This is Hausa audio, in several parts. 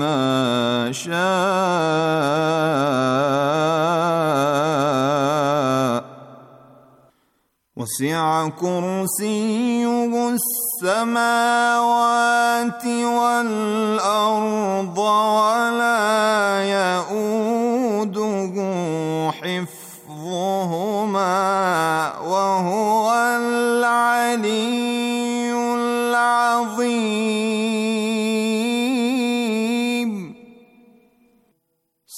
ما شاء وسع كرسيه السماوات والارض ولا يئوده حفظهما وهو العلي العظيم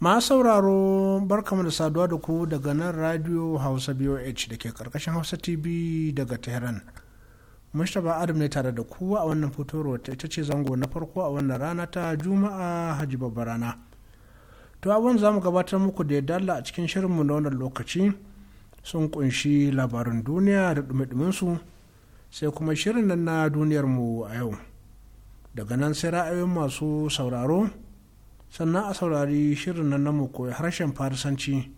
ma sauraro barkamu da saduwa da ku daga nan radio hausa boh da ke karkashin hausa tv daga tehran mustapha adam ne tare da ku a wannan fitowar wata ita ce zango na farko a wannan rana ta juma'a Haji babba rana to abin za mu gabatar muku da dalla a cikin shirinmu na wannan lokaci sun kunshi labarin duniya da dumi su sai kuma shirin nan na duniyarmu a yau daga nan sai ra'ayoyin masu sauraro sannan a saurari shirin nan na koyi harshen farisanci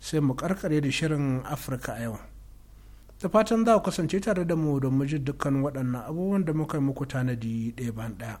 sai mu karkare da shirin afirka a yau da fatan za ku kasance tare da mu don mu ji dukkan waɗannan abubuwan da muka yi muku tanadi ɗaya ban ɗaya.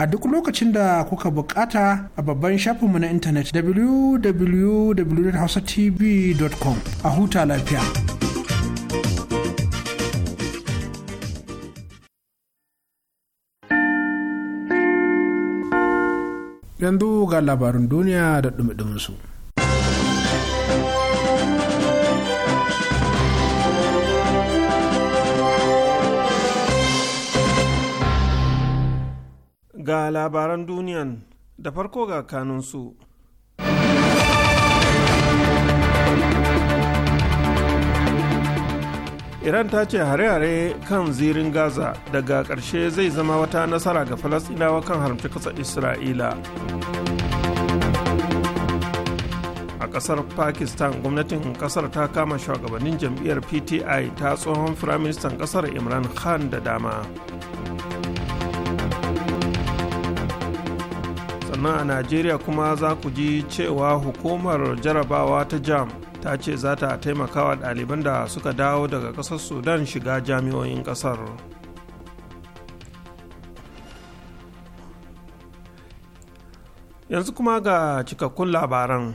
a duk lokacin da kuka bukata a babban shafinmu na intanet www.hausatv.com a huta lafiya. Yanzu ga labarin duniya da ɗumi su. ga labaran duniyan da farko ga kanunsu iran ta ce hare-hare kan zirin gaza daga ƙarshe zai zama wata nasara ga falasɗinawa kan haramci ƙasar isra'ila a ƙasar pakistan gwamnatin ƙasar ta kama shugabannin jam'iyyar pti ta tsohon firaministan ƙasar imran khan da dama sannan a najeriya kuma za ku ji cewa hukumar jarabawa ta jam ta ce za ta taimaka wa ɗaliban da suka dawo daga ƙasar sudan shiga jami'o'in ƙasar yanzu kuma ga cikakkun labaran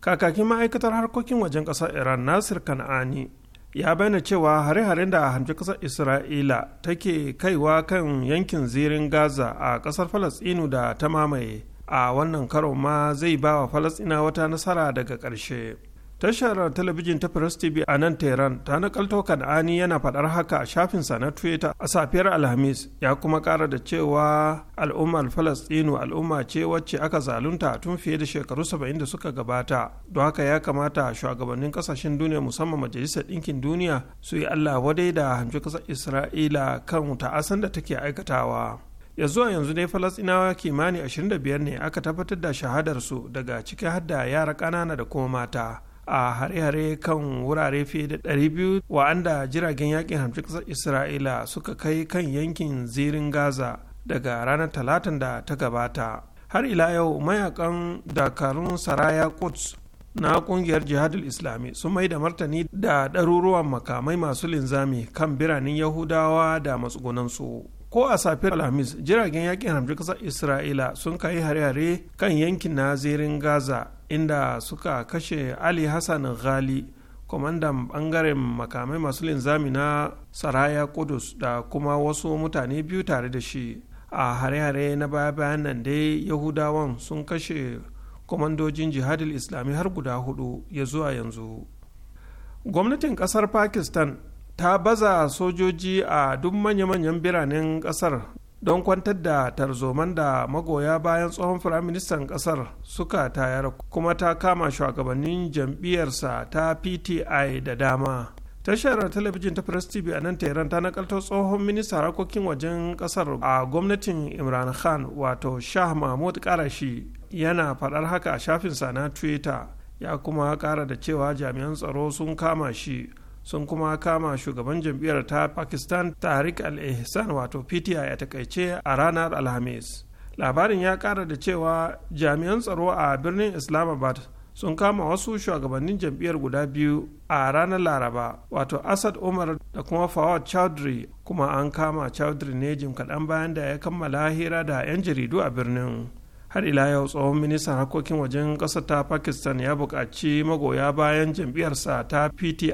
kakakin ma'aikatar harkokin wajen ƙasar iran nasir kan'ani ya bayyana cewa hare-haren da hamfi ƙasar isra'ila take kaiwa kan yankin zirin gaza a ƙasar falasɗinu da ta mamaye a wannan karon ma zai ba wa falasina wata nasara daga ƙarshe tashar talabijin ta press tv a nan tehran ta nakalto kan'ani yana faɗar haka a shafinsa na twitter a safiyar alhamis ya kuma ƙara da cewa al'ummar falastinu al'umma ce wacce aka zalunta tun fiye da shekaru 70 da suka gabata don haka ya kamata shugabannin kasashen duniya musamman majalisar ɗinkin duniya su yi allah wadai da hamshi ƙasar isra'ila kan ta'asan da take aikatawa ya zuwa yanzu ne falasinawa kimanin 25 ne aka tabbatar da shahadarsu daga cikin har yara ƙanana da kuma mata a hare-hare kan wurare fiye da 200 wa'anda jiragen yakin hamshin ƙasar isra'ila suka kai kan yankin zirin gaza daga ranar talatin da ta gabata har ila yau mayakan dakarun saraya quds na kungiyar jihadul islami sun mai da martani da ɗaruruwan makamai masu linzami kan biranen yahudawa da matsugunansu ko a safiyar alhamis jiragen yakin hamshin kasar isra'ila sun kayi hare-hare kan yankin nazirin gaza inda suka kashe ali hassan ghali kwamandan bangaren makamai masu linzami na saraya kudus da kuma wasu mutane biyu tare da shi a hare-hare na baya-bayan nan dai yahudawan sun kashe kwamandojin jihadil islami har guda hudu ya zuwa yanzu gwamnatin kasar pakistan ta baza sojoji a duk manya-manyan biranen kasar don kwantar da tarzoman da magoya bayan tsohon firaministan kasar suka tayar kuma ta kama shugabannin jam'iyyarsa ta pti da dama tashar talabijin ta press tv a nan tehran ta nakalto tsohon minista harkokin wajen kasar a gwamnatin imran khan wato shah mahmud karashi yana faɗar haka a shafinsa na twitter ya kuma kara da cewa jami'an tsaro sun kama shi sun kuma kama shugaban jam'iyyar ta pakistan tahrik al-ihsan wato pti a takaice a ranar alhamis labarin ya kara da cewa jami'an tsaro a birnin islamabad sun kama wasu shugabannin jam'iyyar guda biyu a ranar laraba wato asad umar da kuma fawad chowdhury kuma an kama chowdhury ne jim kaɗan bayan da ya kammala hira da 'yan jaridu a birnin har ila yau tsohon ministan harkokin wajen ƙasar ta pakistan ya buƙaci magoya bayan jam'iyyarsa ta pti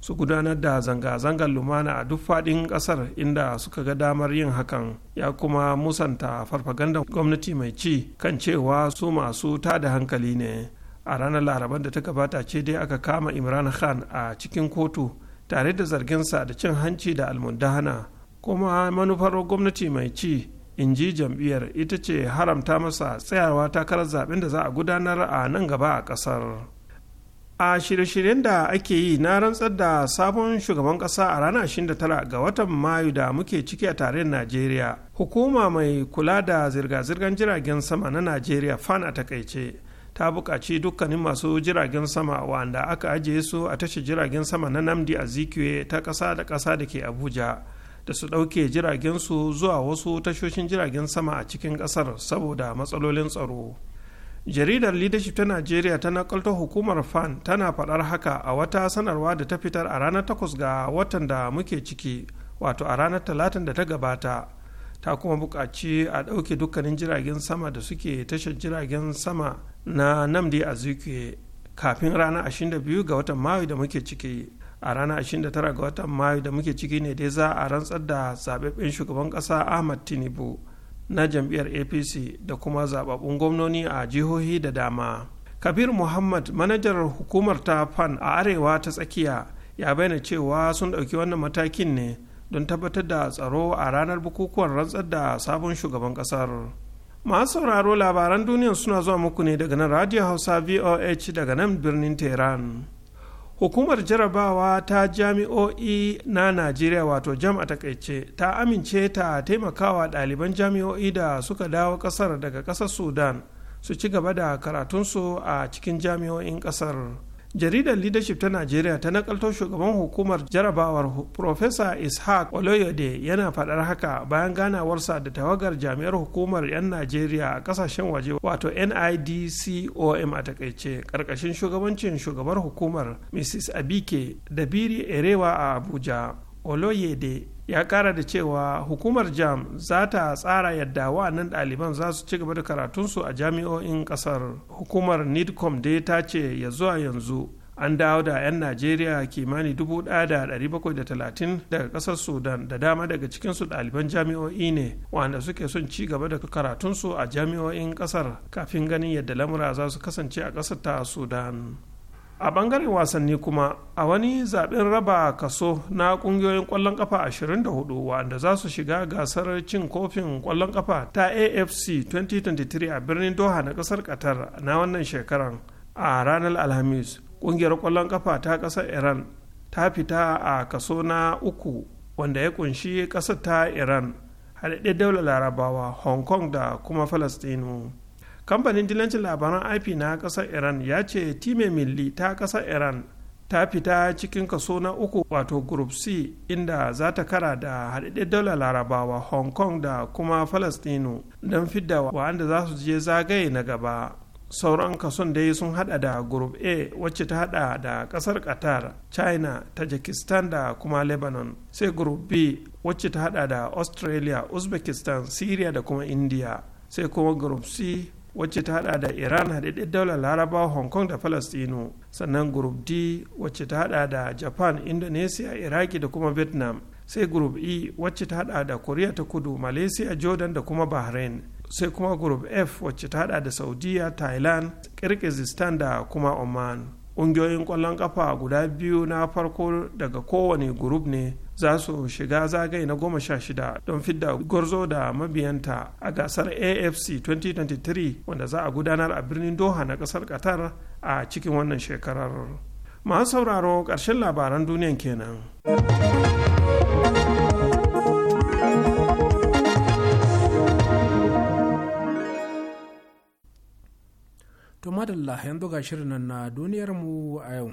su gudanar da zanga-zangar lumana a duk faɗin ƙasar inda suka ga damar yin hakan ya kuma musanta farfagandan gwamnati mai ci kan cewa su masu tada hankali ne a ranar laraba da ta gabata ce dai aka kama imran khan a cikin kotu tare da zarginsa da cin hanci da almundahana kuma manufar gwamnati mai ci in ji jam'iyyar ita ce haramta masa tsayawa takarar zaben da za a gudanar a nan gaba a kasar a shirye-shiryen da ake yi na rantsar da sabon shugaban ƙasa a ranar 29 ga watan mayu da muke ciki a tarayyar najeriya hukuma mai kula da zirga-zirgar jiragen sama na najeriya fan a takaice ta buƙaci dukkanin masu jiragen sama wanda aka ajiye su a tashi jiragen sama na namdi a zikiwe ta ƙasa da ƙasa da ke abuja da su ɗauke jiragensu zuwa wasu tashoshin jiragen sama a cikin ƙasar saboda matsalolin tsaro jaridar leadership ta najeriya ta nakalta hukumar fan tana faɗar haka a wata sanarwa da ta fitar a ranar takwas ga watan da muke ciki wato a ranar talatin da ta gabata ta kuma buƙaci a ɗauke dukkanin jiragen sama da suke tashar jiragen sama na namdi a kafin ranar 22 ga watan mayu da muke ciki a ranar 29 ga watan mayu da muke ciki ne dai za a rantsar da zababben shugaban ƙasa ahmad tinubu na jam'iyyar apc da kuma zababbun gwamnoni a jihohi da dama kabir muhammad manajar hukumar ta pan a arewa ta tsakiya ya bayyana cewa sun ɗauki wannan matakin ne don tabbatar da tsaro a ranar bukukuwan rantsar da sabon shugaban ƙasar masu sauraro labaran duniya suna zuwa muku ne daga nan radio hausa voh daga nan birnin tehran hukumar jarabawa ta jami'o'i na najeriya wato jam a takaice ta amince ta taimakawa ɗaliban jami'o'i da suka dawo ƙasar daga ƙasar sudan su ci gaba da karatunsu a cikin jami'o'in ƙasar jaridar leadership ta najeriya ta nakalto shugaban hukumar jarabawar profesa ishaq oloyode yana faɗar haka bayan ganawarsa da tawagar jami'ar hukumar 'yan najeriya a ƙasashen waje wato nidcom a takaice ƙarƙashin shugabancin shugabar hukumar mrs abike da biri erewa a abuja oloyede ya kara da cewa hukumar jam za ta tsara yadda wa'annan ɗaliban za su ci gaba da karatunsu a jami'o'in ƙasar hukumar nidcom dai ta ce ya zuwa yanzu an dawo da 'yan najeriya kimani 1,730 daga ƙasar sudan da dama daga cikinsu ɗaliban jami'o'i ne wanda suke son ci gaba da karatunsu a jami'o'in ƙasar kafin ganin yadda lamura za su kasance a ƙasar ta sudan a bangaren wasanni kuma a wani zaben raba kaso na kungiyoyin kwallon kafa 24 wanda za su shiga gasar cin kofin kwallon kafa ta afc 2023 a birnin doha na kasar qatar na wannan shekaran a ranar alhamis ƙungiyar kwallon kafa ta ƙasar iran ta fita a kaso na uku wanda ya kunshi ƙasar ta iran haɗaɗɗen daular larabawa hong kong da kuma falastinu kamfanin dilancin labaran ip na kasar iran ya ce time milli ta kasar iran ta fita cikin kaso na uku wato group c inda za ta kara da haɗaɗɗen daular larabawa hong kong da kuma falastinu don fidda wa'anda za su je zagaye na gaba sauran kason dai sun hada da group a wacce ta hada da kasar qatar china tajikistan da kuma lebanon sai group b wacce ta hada da australia uzbekistan syria da kuma india sai kuma group c wacce ta hada da iran haɗaɗɗen daular larabawa hong kong da palestino sannan group d wacce ta hada da japan indonesia iraki da kuma vietnam sai group e wacce ta hada da korea ta kudu malaysia jordan da kuma bahrain sai kuma group f wacce ta hada da saudiya thailand kirgizistan da kuma oman ƙungiyoyin ƙwallon kafa guda biyu na farko daga kowane group ne za su shiga zagaye na goma sha shida don fidda gwarzo da mabiyanta a gasar afc 2023 wanda za a gudanar a birnin doha na kasar qatar a cikin wannan shekarar masu sauraro ƙarshen labaran duniyan kenan to madalla yanzu ga shirin na duniyarmu a yau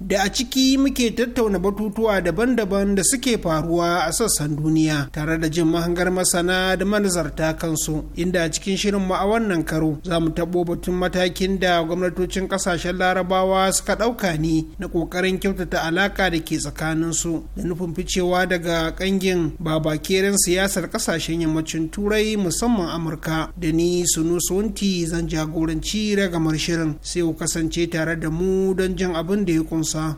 da a ciki muke tattauna batutuwa daban-daban da suke faruwa a sassan duniya tare da jin mahangar masana da manazarta kansu inda a cikin shirinmu a wannan karo za mu taɓo batun matakin da gwamnatocin ƙasashen larabawa suka ɗauka ne na ƙoƙarin kyautata alaƙa da ke tsakanin su. da nufin ficewa daga ƙangin babakeren siyasar ƙasashen yammacin turai musamman amurka da ni sunu sunti zan jagoranci ragamar shirin sai ku kasance tare da mu don jin abin da ya amsa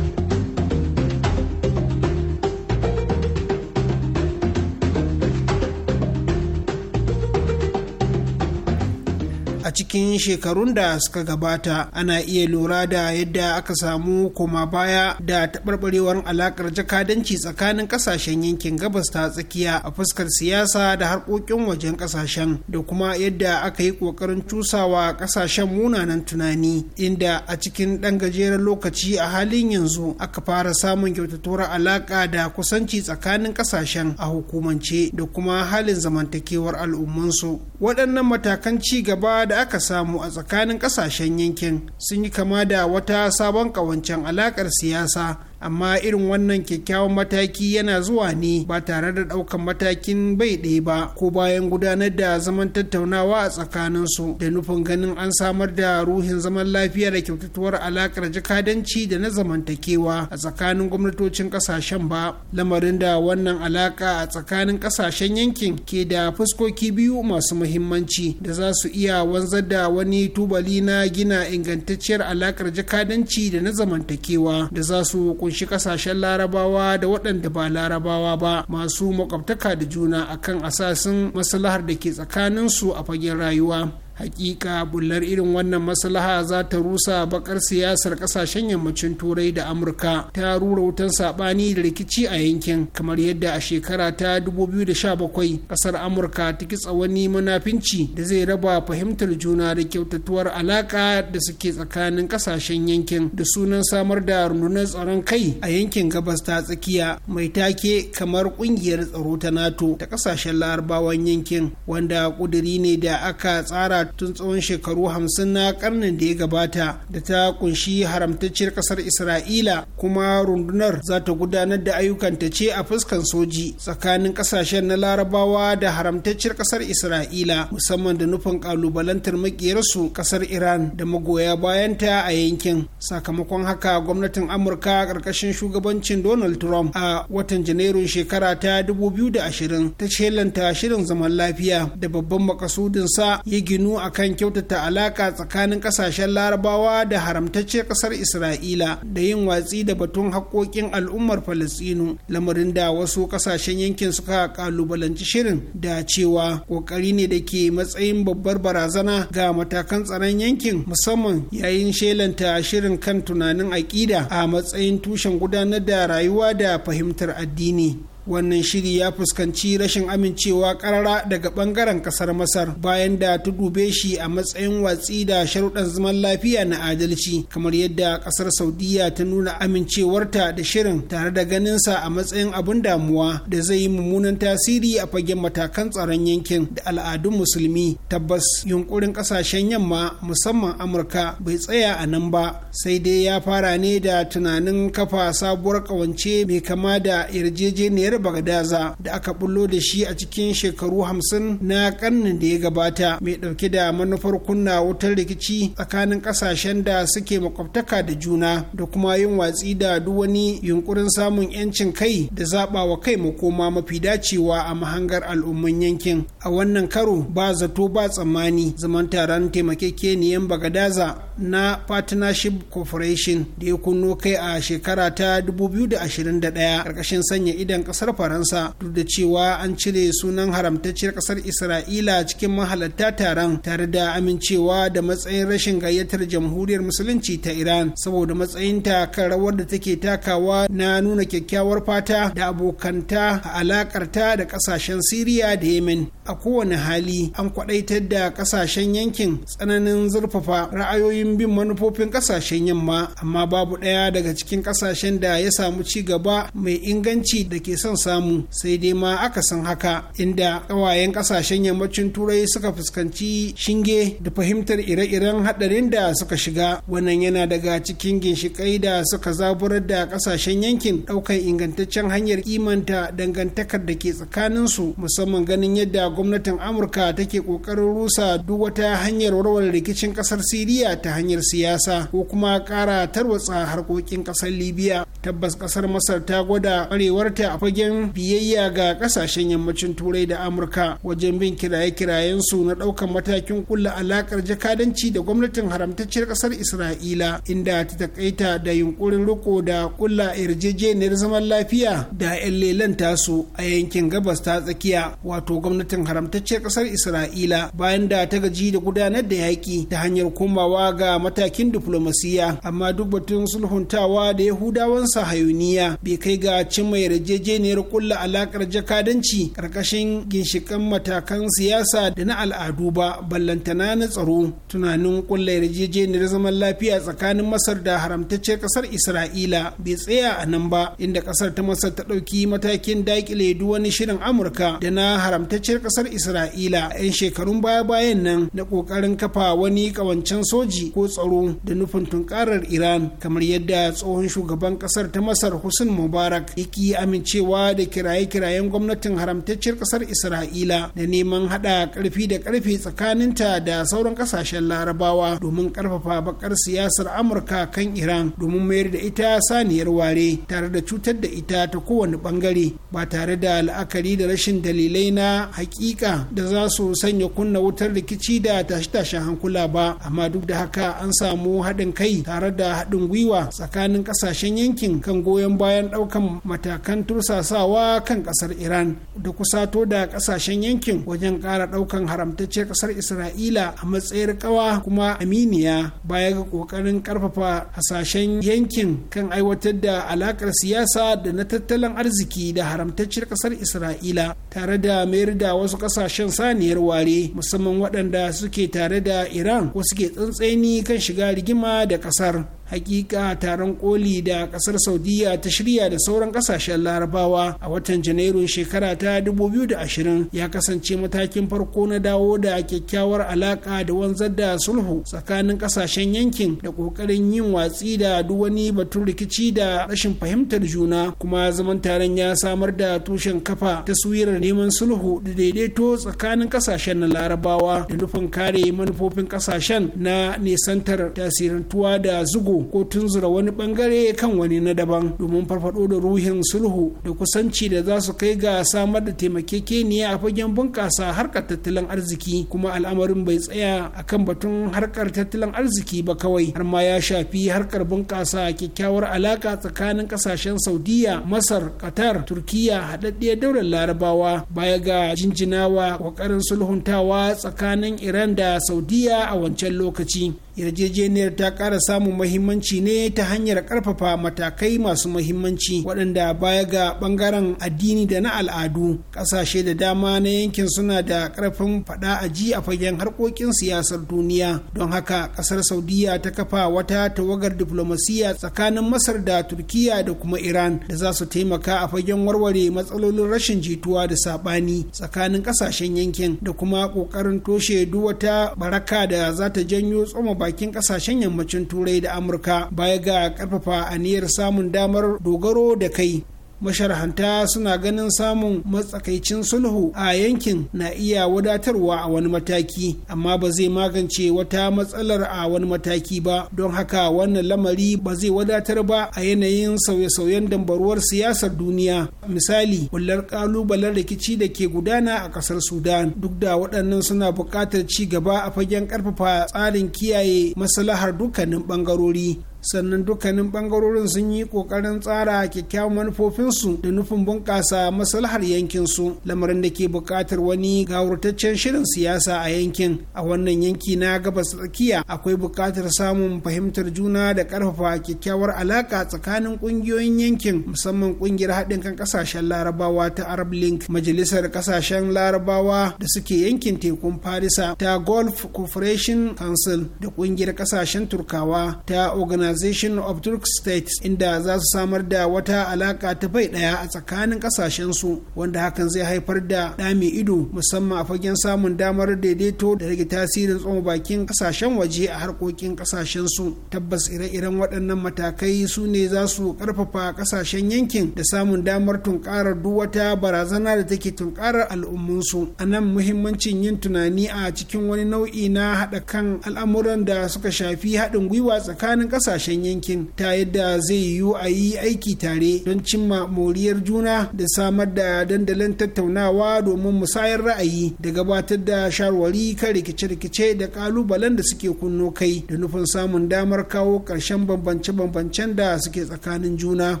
a cikin shekarun da suka gabata ana iya lura da yadda aka samu koma baya da taɓarɓarewar alaƙar jakadanci tsakanin ƙasashen yankin gabas ta tsakiya a fuskar siyasa da harkokin wajen ƙasashen da kuma yadda aka yi ƙoƙarin cusawa ƙasashen munanan tunani inda a cikin ɗan gajeren lokaci a halin yanzu aka fara samun kyautatuwar alaƙa da kusanci tsakanin ƙasashen a hukumance da kuma halin zamantakewar al'ummansu waɗannan matakan ci gaba da aka samu a tsakanin kasashen yankin sun yi kama da wata sabon ƙawancen alaƙar siyasa amma irin wannan kyakkyawan mataki yana zuwa ne ba tare da ɗaukan matakin bai ɗaya ba ko bayan gudanar da zaman tattaunawa a tsakanin su da nufin ganin an samar da ruhin zaman lafiya da kyautatuwar alakar jakadanci da na zamantakewa a tsakanin gwamnatocin ƙasashen ba lamarin da wannan alaƙa a tsakanin ƙasashen yankin ke da fuskoki biyu masu muhimmanci da za su iya wanzar da wani tubali na gina ingantacciyar alakar jakadanci da na zamantakewa da za su kunshi kasashen larabawa da waɗanda ba larabawa ba masu makwabtaka da juna akan asasin maslahar da ke tsakanin su a fagen rayuwa hakika bullar irin wannan maslaha za ta rusa bakar siyasar kasashen yammacin turai da amurka ta rura wutan sabani da rikici a yankin kamar yadda a shekara ta 2017 kasar amurka ta kitsa wani munafinci da zai raba fahimtar juna da kyautatuwar alaka da suke tsakanin kasashen yankin da sunan samar da rundunar tsaron kai a yankin gabas ta tsakiya mai take kamar kungiyar tsaro ta nato da kasashen larabawan yankin wanda kuduri ne da aka tsara tun tsawon shekaru hamsin na karnin da ya gabata da ta kunshi haramtacciyar kasar isra'ila kuma rundunar za ta gudanar da ayyukan ta ce a fuskan soji tsakanin kasashen na larabawa da haramtacciyar kasar isra'ila musamman da nufin kalubalantar makiyarsu kasar iran da magoya bayan ta a yankin sakamakon haka gwamnatin amurka ƙarƙashin shugabancin donald trump a watan janairun shekara ta 2020 ta shelanta shirin zaman lafiya da babban makasudinsa ya ginu maganganu kan kyautata alaka tsakanin kasashen larabawa da haramtacce kasar isra'ila da yin watsi da batun haƙoƙin al'ummar falastinu lamarin da wasu kasashen yankin suka kalubalanci shirin da cewa ƙoƙari ne da ke matsayin babbar barazana ga matakan tsaron yankin musamman yayin shelanta shirin kan tunanin aƙida a matsayin tushen gudanar da rayuwa da fahimtar addini wannan shiri ya fuskanci rashin amincewa karara daga bangaren kasar masar bayan da ta dube shi a matsayin watsi da sharuɗan zaman lafiya na adalci kamar yadda kasar saudiya ta nuna amincewarta da shirin tare da ganinsa a matsayin abun damuwa da zai yi mummunan tasiri a fagen matakan tsaron yankin da al'adun musulmi tabbas yunkurin kasashen yamma musamman amurka bai tsaya a nan ba sai dai ya fara ne da tunanin kafa sabuwar kawance mai kama da yarjejeniyar yar bagadaza da aka bullo da shi a cikin shekaru hamsin na karnin da ya gabata mai ɗauke da manufar kunna wutar rikici tsakanin ƙasashen da suke makwabtaka da juna da kuma yin watsi da duk wani yunkurin samun 'yancin kai da zaɓa wa kai makoma mafi dacewa a mahangar al'umman yankin a wannan karo ba zato ba tsammani zaman taron taimakekeniyan bagadaza na partnership corporation da ya kunno kai a shekara ta 2021 ƙarƙashin sanya idan ƙasa kasar faransa duk da cewa an cire sunan haramtacciyar kasar isra'ila cikin mahalatta taron tare da amincewa da matsayin rashin gayyatar jamhuriyar musulunci ta iran saboda matsayin ta kan rawar da take takawa na nuna kyakkyawar fata da abokanta a alakarta da kasashen siriya da yemen a kowane hali an kwadaitar da kasashen yankin tsananin zurfafa ra'ayoyin bin manufofin kasashen yamma amma babu ɗaya daga cikin kasashen da ya samu ci gaba mai inganci da ke son son samu sai dai ma aka san haka inda ƙawayen ƙasashen yammacin turai suka fuskanci shinge da fahimtar ire-iren haɗarin da suka shiga wannan yana daga cikin ginshiƙai da suka zaburar da ƙasashen yankin ɗaukar ingantaccen hanyar ƙimanta dangantakar da ke tsakanin su musamman ganin yadda gwamnatin amurka take ƙoƙarin rusa duk wata hanyar warware rikicin ƙasar siriya ta hanyar siyasa ko kuma ƙara tarwatsa harkokin ƙasar libya tabbas kasar masar ta gwada arewarta a fagen biyayya ga kasashen yammacin turai da amurka wajen bin kiraye-kirayen su na daukan matakin kulla alakar jakadanci da gwamnatin haramtacciyar kasar isra'ila inda ta takaita da yunkurin riko da kulla yarjejeniyar zaman lafiya da 'yan lelan tasu a yankin gabas ta tsakiya wato gwamnatin haramtacciyar kasar isra'ila bayan da ta gaji da gudanar da yaƙi ta hanyar komawa ga matakin diflomasiya amma duk batun sulhuntawa da yahudawan hayuniya bai kai ga cimma yarjejeniyar kulla alakar jakadanci karkashin ginshikan matakan siyasa da na al'adu ba ballantana na tsaro tunanin kulla yarjejeniyar zaman lafiya tsakanin masar da haramtacciyar kasar isra'ila bai tsaya a nan ba inda kasar ta masar ta ɗauki matakin dakile duk wani shirin amurka da na haramtacciyar kasar isra'ila a 'yan shekarun baya-bayan nan na ƙoƙarin kafa wani ƙawancen soji ko tsaro da nufin tunkarar iran kamar yadda tsohon shugaban kasar kasar ta masar hussein mubarak iki amincewa da kiraye-kirayen gwamnatin haramtacciyar kasar isra'ila da neman hada karfi da karfe tsakaninta da sauran kasashen larabawa domin karfafa bakar siyasar amurka kan iran domin mayar da ita saniyar ware tare da cutar da ita ta kowane bangare ba tare da la'akari da rashin dalilai na hakika da za su sanya kunna wutar rikici da tashe-tashen hankula ba amma duk da haka an samu haɗin kai tare da haɗin gwiwa tsakanin ƙasashen yankin kan goyon bayan ɗaukan matakan tursasawa kan ƙasar iran da kusato da ƙasashen yankin wajen ƙara ɗaukan haramtacciyar ƙasar isra'ila a matsayar ƙawa kuma aminiya baya ga ƙoƙarin ƙarfafa hasashen yankin kan aiwatar da alaƙar siyasa da na tattalin arziki da haramtacciyar ƙasar isra'ila tare da mayar da wasu ƙasashen saniyar ware musamman waɗanda suke tare da iran ko suke tsantseni kan shiga rigima da ƙasar hakika taron koli da kasar saudiya ta shirya da sauran kasashen larabawa a watan janairun shekara ta 2020 ya kasance matakin farko na dawo da kyakkyawar alaka da wanzar da sulhu tsakanin kasashen yankin da kokarin yin watsi da duk wani batun rikici da rashin fahimtar juna kuma zaman taron ya samar da tushen kafa taswirar neman sulhu da daidaito tsakanin kasashen na larabawa da nufin kare manufofin kasashen na nisantar tasirantuwa da zugo sulhu ko tunzura wani bangare kan wani na daban domin farfado da ruhin sulhu da kusanci da za su kai ga samar da taimakekeniya a fagen bunƙasa harkar tattalin arziki kuma al'amarin bai tsaya a kan batun harkar tattalin arziki ba kawai har ma ya shafi harkar bunƙasa kyakkyawar alaka tsakanin ƙasashen saudiya masar qatar turkiya haɗaɗɗiyar daular larabawa baya ga jinjinawa ƙoƙarin sulhuntawa tsakanin iran da saudiya a wancan lokaci yarjejeniyar ta ƙara samun mahimmanci ne ta hanyar ƙarfafa matakai masu mahimmanci waɗanda baya ga ɓangaren addini da na al'adu ƙasashe da dama na yankin suna da ƙarfin faɗa a ji a fagen harkokin siyasar duniya don haka ƙasar saudiya ta kafa wata tawagar diflomasiyya tsakanin masar da turkiya da kuma iran da za su taimaka a fagen warware matsalolin rashin jituwa da saɓani tsakanin ƙasashen yankin da kuma ƙoƙarin toshe duk wata baraka da za ta janyo tsoma bakin kasashen yammacin turai da amurka baya ga karfafa aniyar samun damar dogaro da kai masharhanta suna ganin samun matsakaicin sulhu a yankin na iya wadatarwa a wani mataki amma ba zai magance wata matsalar a wani mataki ba don haka wannan lamari ba zai wadatar ba a yanayin sauye-sauyen dambaruwar siyasar duniya misali bullar kalubalen rikici da ke gudana a kasar sudan duk da waɗannan suna buƙatar ci gaba a fagen ƙarfafa tsarin kiyaye maslahar dukkanin ɓangarori sannan dukkanin bangarorin sun yi kokarin tsara kyakkyawan manufofinsu da nufin bunƙasa maslahar yankinsu lamarin da ke buƙatar wani gawurtaccen shirin siyasa a yankin a wannan yanki na gabas tsakiya akwai buƙatar samun fahimtar juna da ƙarfafa kyakkyawar alaƙa tsakanin ƙungiyoyin yankin musamman ƙungiyar haɗin kan ƙasashen larabawa ta arab link majalisar ƙasashen larabawa da suke yankin tekun farisa ta golf corporation council da ƙungiyar ƙasashen turkawa ta organization organization of turk states inda za su samar da wata alaka ta bai daya a tsakanin kasashensu wanda hakan zai haifar da dami ido musamman a fagen samun damar daidaito da rage tasirin tsoma bakin kasashen waje a harkokin kasashensu tabbas ire-iren waɗannan matakai su ne za su karfafa kasashen yankin da samun damar tunkarar duk wata barazana da take tunkarar al'ummunsu a nan muhimmancin yin tunani a cikin wani nau'i na haɗa kan al'amuran da suka shafi haɗin gwiwa tsakanin ƙasashen kasashen yankin ta yadda zai yiwu a yi aiki tare don cimma moriyar juna da samar da dandalin tattaunawa domin musayar ra'ayi da gabatar da shawarwari kan rikice-rikice da kalubalen da suke kunno kai da nufin samun damar kawo ƙarshen bambance-bambancen da suke tsakanin juna.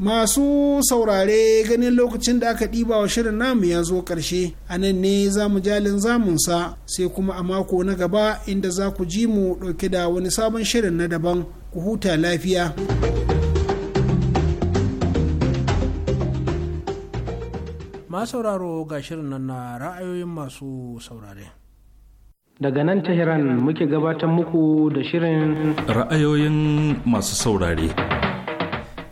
masu saurare ganin lokacin da aka ɗiba wa shirin namu ya zo ƙarshe a nan ne za mu jalin zamunsa sai kuma a mako na gaba inda za ku ji mu ɗauke da wani sabon shirin na daban ku huta lafiya ma sauraro ga shirin nan na ra'ayoyin masu saurare daga nan tehran muke gabatar muku da shirin ra'ayoyin masu saurare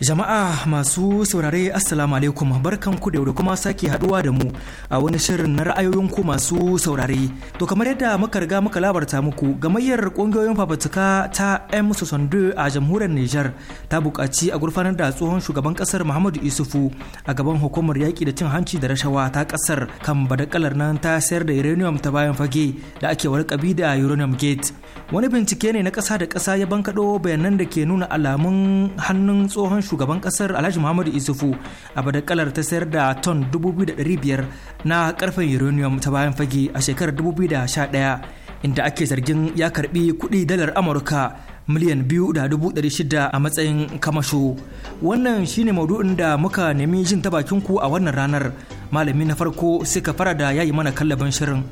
Jama'a masu saurare Assalamu alaikum ku da kuma sake haduwa da mu a wani shirin na ra'ayoyin ku masu saurare. To kamar yadda muka riga muka labarta muku gamayyar kungiyoyin fafutuka ta M Sosondo a jamhuriyar Nijar ta buƙaci a gurfanar da tsohon shugaban ƙasar Muhammadu Isufu a gaban hukumar yaƙi da cin hanci da rashawa ta kasar kan badakalar nan ta sayar da uranium ta bayan fage da ake warkabi da uranium gate. Wani bincike ne na ƙasa da ƙasa ya bankaɗo bayanan da ke nuna alamun hannun tsohon shugaban kasar Alhaji Muhammadu Isufu a kalar ta sayar da ton 2,500 na karfen uranium ta bayan fage a shekarar 2011 inda ake zargin ya karbi kudi dalar Amurka miliyan biyu da dubu a matsayin kamasho wannan shine maudu'in da muka nemi jin ta bakinku ku a wannan ranar malami na farko sai ka fara da yayi mana kallabin shirin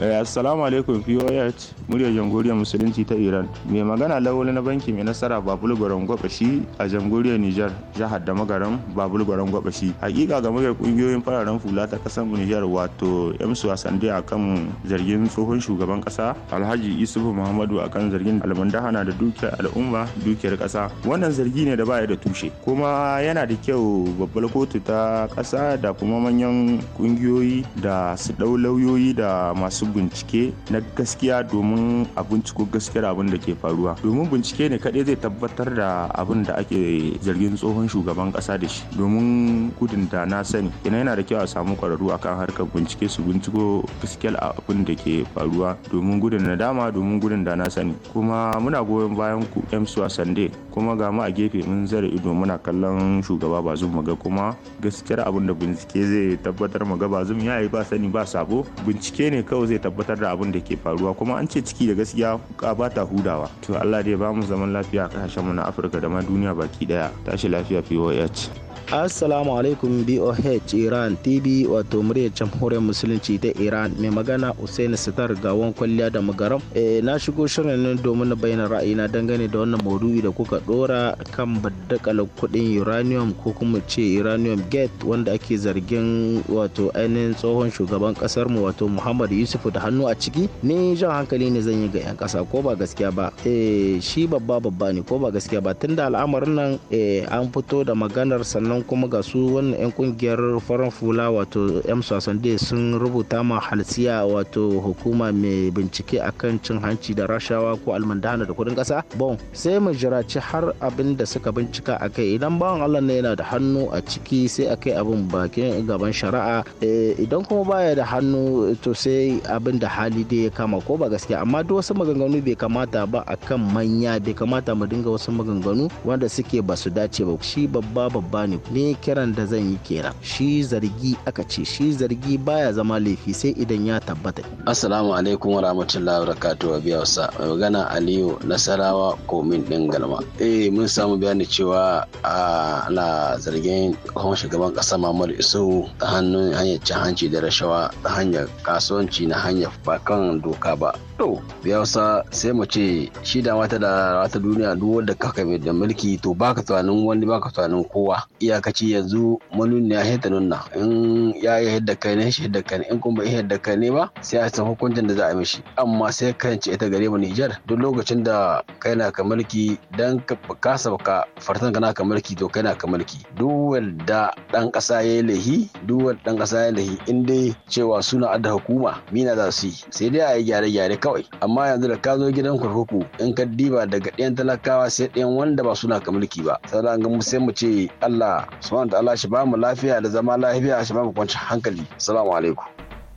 Eh, assalamu alaikum POH muryar jamhuriyar musulunci ta iran mai magana lawali na banki mai nasara babul gwaron gwabashi a jamhuriyar nijar jihar da magaran babul gwaron gwabashi hakika ga muryar kungiyoyin fararen fula ta kasar nijar wato su asande akan zargin tsohon shugaban kasa alhaji isufu muhammadu akan zargin almundahana da dukiyar al'umma dukiyar kasa wannan zargi ne da baya da tushe kuma yana da kyau babbar kotu ta kasa da kuma manyan kungiyoyi da su dau lauyoyi da masu masu bincike na gaskiya domin a binciko gaskiyar abin da ke faruwa domin bincike ne kadai zai tabbatar da abin da ake zargin tsohon shugaban kasa da shi domin gudun da na sani ina yana da kyau a samu ƙwararru akan harkar bincike su binciko gaskiyar abin da ke faruwa domin gudun nadama domin gudun da na sani kuma muna goyon bayan ku emsu a sande kuma ga mu a gefe mun zara ido muna kallon shugaba bazum mu ga kuma gaskiyar abin da bincike zai tabbatar mu ga bazum ya yi ba sani ba sabo bincike ne kawai zai tabbatar da abin da ke faruwa kuma an ce ciki da gaskiya ka ba ta hudawa to Allah dai ba mu zaman lafiya a kasashen mu na Afirka da ma duniya baki daya tashi lafiya POH Assalamu alaikum BOH Iran TV wato muryar jamhuriyar musulunci ta Iran mai magana Usaini Sitar ga gawon kwalliya da magaram. E, na shigo shirin nan domin na bayyana ra'ayina dangane da wannan maudu'i da kuka dora kan baddakalar kudin uranium ko kuma ce uranium gate wanda ake zargin wato ainihin tsohon shugaban kasar mu wato Muhammad Yusufu da hannu a ciki. Ni jan hankali ne zan yi ga 'yan kasa ko ba gaskiya ba. E, shi babba babba ne ko ba gaskiya ba tunda al'amarin nan e, an fito da maganar sannan kuma ga su wannan 'yan kungiyar farin fula wato m sasande sun rubuta ma halsiya wato hukuma mai bincike akan cin hanci da rashawa ko almandana da kudin kasa bon sai mu ci har abin da suka bincika a kai idan bawan allah ne yana da hannu a ciki sai a kai abin bakin gaban shari'a eh, idan kuma baya da hannu to sai abin da hali dai ya kama ko ba gaskiya amma duk wasu maganganu bai kamata ba akan manya bai kamata mu dinga wasu maganganu wanda suke ba su dace ba shi babba babba ne ne kiran da zan yi kera shi zargi aka ce shi zargi baya zama laifi sai idan ya tabbata assalamu alaikum warahmatullahi wabarakatuh wa biya wasa mai magana aliyu nasarawa komin din galma eh mun samu bayani cewa a na zargin kuma shugaban kasa mamar isu ta hannun hanyar cin hanci da rashawa ta hanyar kasuwanci na hanyar ba kan doka ba To, Hausa sai mu ce shi da mata da wata duniya duk wanda ka kame da mulki to baka tunanin wani baka tunanin kowa. Iyakaci yanzu manun ya hita nunna in ya yi hidda kai ne shi hidda kai ne in kuma bai hidda kai ne ba sai a san hukuncin da za a mishi. Amma sai kan ce ita gare mu Nijar duk lokacin da kai na ka mulki dan ka kasa ka fartan kana ka mulki to kai na ka mulki. Duk wanda dan kasa ya lahi duk wanda dan kasa ya lahi in dai cewa suna adda hukuma mina za su yi sai dai a yi gyare-gyare kawai kawai amma yanzu da ka zo gidan kurkuku in ka diba daga ɗayan talakawa sai ɗayan wanda ba suna ka mulki ba sannan ga sai mu ce Allah subhanahu ta'ala shi ba mu lafiya da zama lafiya shi ba mu kwanci hankali assalamu alaikum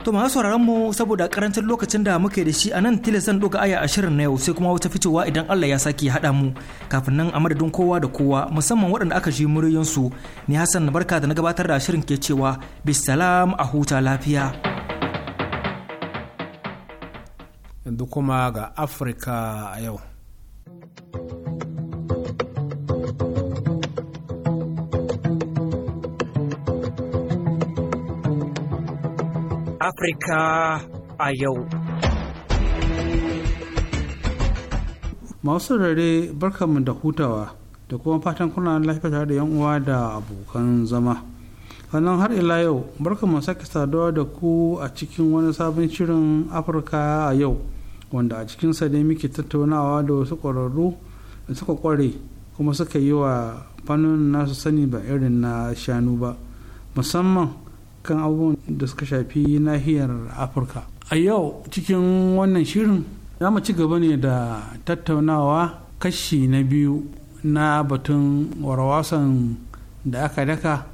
To masu sauraron mu saboda karancin lokacin da muke da shi a nan tilasan ɗoga aya ashirin na yau sai kuma wata fitowa idan Allah ya sake haɗa mu kafin nan a madadin kowa da kowa musamman waɗanda aka ji muryoyinsu ni Hassan barka da na gabatar da shirin ke cewa bisalam a huta lafiya. yanzu kuma ga afirka a yau afirka a yau masu rare barkanmu da hutawa da kuma fatan kuna lafiya tare da yan uwa da abokan zama sannan har ila yau barkanmu sake saduwa da ku a cikin wani sabon shirin afirka a yau wanda a cikinsa ne muke tattaunawa da wasu ƙwararru da suka ƙware kuma suka yi wa fannin nasu sani ba irin na shanu ba musamman kan abubuwan da suka shafi nahiyar afirka a yau cikin wannan shirin za mu ci gaba ne da tattaunawa kashi na biyu na batun warwasan da aka daka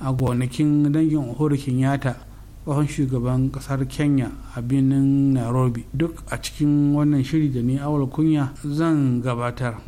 a gonakin dangin uhuru kenyatta tsohon shugaban kasar kenya a birnin nairobi duk a cikin wannan shiri da ni awal kunya zan gabatar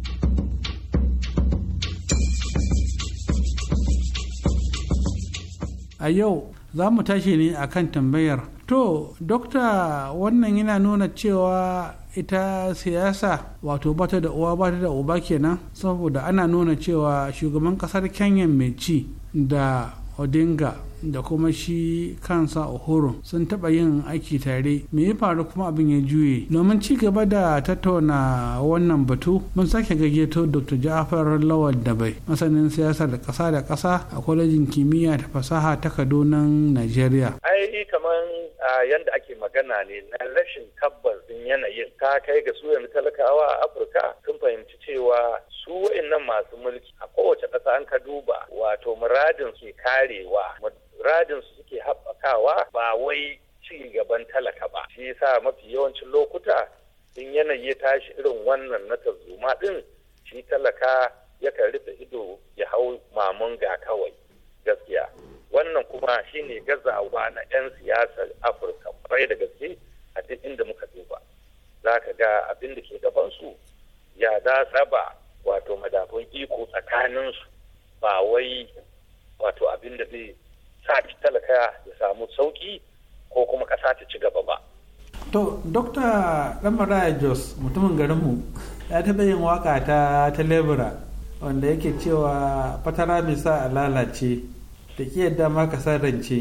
a yau za mu tashi ne a kan tambayar to dokta wannan yana nuna cewa ita siyasa wato bata da uwa bata da uba kenan saboda ana nuna cewa shugaban kasar kenya mai ci da odinga da kuma shi kansa uhuru sun taba yin aiki tare me ya faru kuma abin ya juye domin ci gaba da tattauna wannan batu mun sake gayyato dr ja'afar lawal da bai. masanin siyasar da kasa da kasa a kwalejin kimiyya da fasaha ta kadunan najeriya ai kamar yadda ake magana ne na rashin tabbas din yanayin ta kai ga su yanzu talakawa a afirka sun fahimci cewa su wa'annan masu mulki a kowace ƙasa an ka duba wato muradin su karewa radin su suke haɓakawa ba wai ci gaban talaka ba shi yasa mafi yawancin lokuta in yanayi ya tashi irin wannan na tarzoma din shi talaka kan rufe ido ya hau mamun ga kawai gaskiya wannan kuma shine gazawa na 'yan siyasar afirka kwarai da gaske a duk inda muka duba za ka ga abin da ke gabansu ya za saba wato madafun iko tsakaninsu ba wai wato abin da zai sa talaka ya samu sauki ko kuma ƙasa ta ci gaba ba. To, Dokta Ɗanmaraya Jos mutumin garinmu ya taɓa yin waka ta talebura wanda yake cewa fatara mai sa a lalace da ƙi yadda ma ka sarrance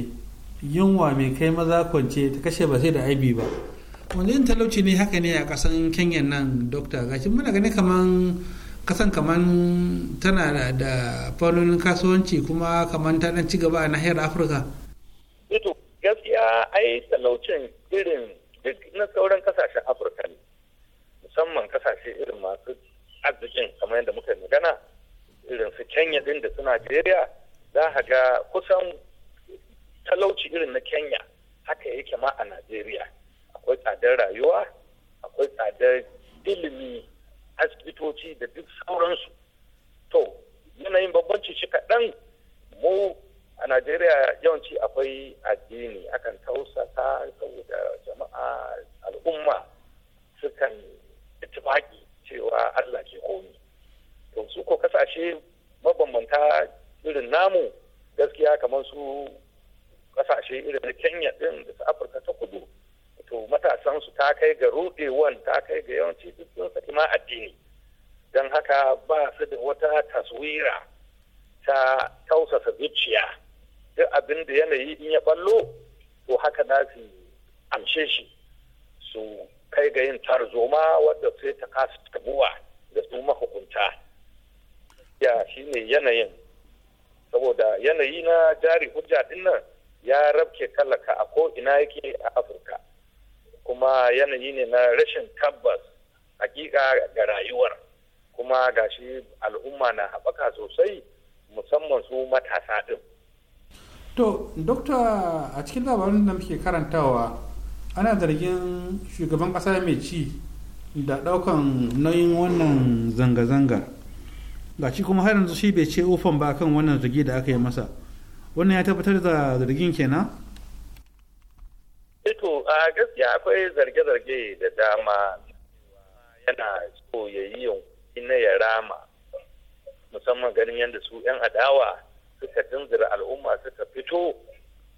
yunwa mai kai maza kwance ta kashe ba sai da aibi ba. Wanda yin talauci ne haka ne a ƙasan Kenya nan, Dokta, gashi muna gani kaman kasan kaman tana da fannonin kasuwanci kuma kaman ta ci gaba a nahiyar afirka ito gaskiya ai talaucin irin na sauran kasashen afirka ne musamman kasashe irin masu arzikin kamar yadda muka magana irin su kenya din da su najeriya za a ga kusan talauci irin na kenya haka yake ma a najeriya akwai tsadar rayuwa akwai tsadar ilimi asibitoci da duk sauransu to yanayin babban shi kaɗan mu a najeriya yawanci akwai addini akan tausasa saboda jama'a al'umma sukan itibaki cewa allah ke komi to su ko kasashe mabambanta irin namu gaskiya kamar su kasashe irin kenya ɗin da su afirka ta kudu to matasan su ta kai ga rudewan ta kai ga yawanci sun saki ma addini don haka ba su da wata taswira ta tausasa zuciya duk abin da yanayi in ya ballo to haka na su amshe shi su kai ga yin tarzoma wadda sai ta kasa tabuwa da su mahukunta ya shi ne yanayin saboda yanayi na jari hujja dinnan ya rabke talaka a ko ina yake a afirka kuma yanayi ne na rashin tabbas hakika ga rayuwar kuma gashi al'umma na haɓaka sosai musamman su matasa ɗin. to dokta a cikin labarin da muke karantawa ana zargin shugaban ƙasa mai ci da ɗaukan nauyin wannan zanga-zanga gashi kuma har yanzu shi bai ce ofan ba kan wannan zargi da aka yi masa wannan ya tabbatar da zargin kenan to a gaskiya akwai zarge-zarge da dama yana so ya yi yunƙuri na ya rama musamman ganin yadda su 'yan adawa suka dinzira al'umma suka fito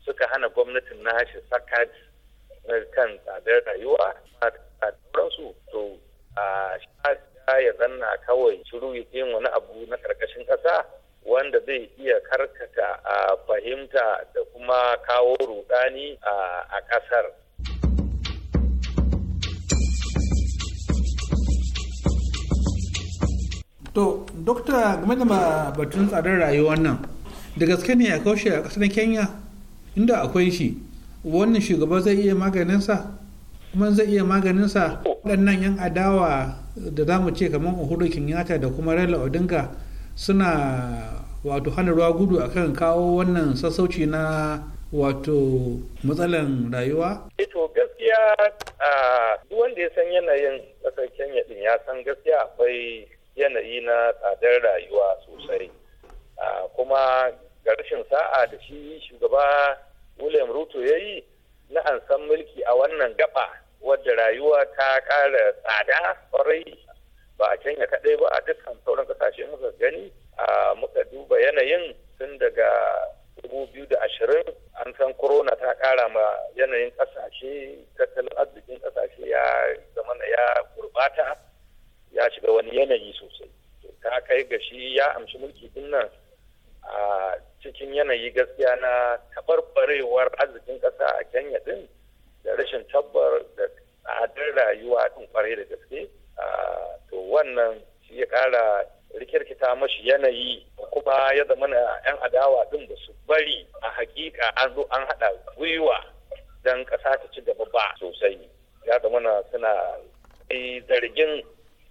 suka hana gwamnatin nashi sakat na kan tsadar rayuwa a sauransu to a shi ya zanna kawai shiru yin wani abu na ƙarƙashin ƙasa wanda zai iya karkata a fahimta da kuma kawo rudani a ƙasar. To, Dokta game da batun tsadar rayuwar nan, da gaske ne a kaushe a ƙasar Kenya inda akwai shi, wannan shugaba zai iya maganinsa? kuma zai iya maganinsa waɗannan 'yan adawa da za mu ce kamar uhuru kenyatta da kuma raila odinga suna wato hana ruwa gudu akan kawo wannan sassauci na wato matsalan rayuwa? Ito eh gaskiya duk wanda ya san yanayin ƙasar Kenya din ya san gaskiya akwai yanayi na tsadar rayuwa sosai. Kuma ga rashin sa'a da shi shugaba William Ruto ya yi na ansan mulki a wannan gaba wadda rayuwa ta ƙara tsada kwarai ba a kenya kaɗai ba a dukkan sauran kasashe muka gani a muka duba yanayin tun daga da ashirin an san corona ta ƙara ma yanayin ƙasashe tattalin arzikin ƙasashe ya zama ya gurbata ya shiga wani yanayi sosai To ta kai ga shi ya amshi mulki dinnan nan a cikin yanayi gaskiya na tabarbarewar arzikin ƙasa a kenya din da rashin tabbar da tsadar rayuwa din kwarai da gaske to wannan shi ya ƙara rikirkita mashi yanayi kuma ya zama na 'yan adawa ɗin ba su bari a hakika an zo an haɗa gwiwa don ƙasa ta ci gaba ba sosai ya zama na suna zargin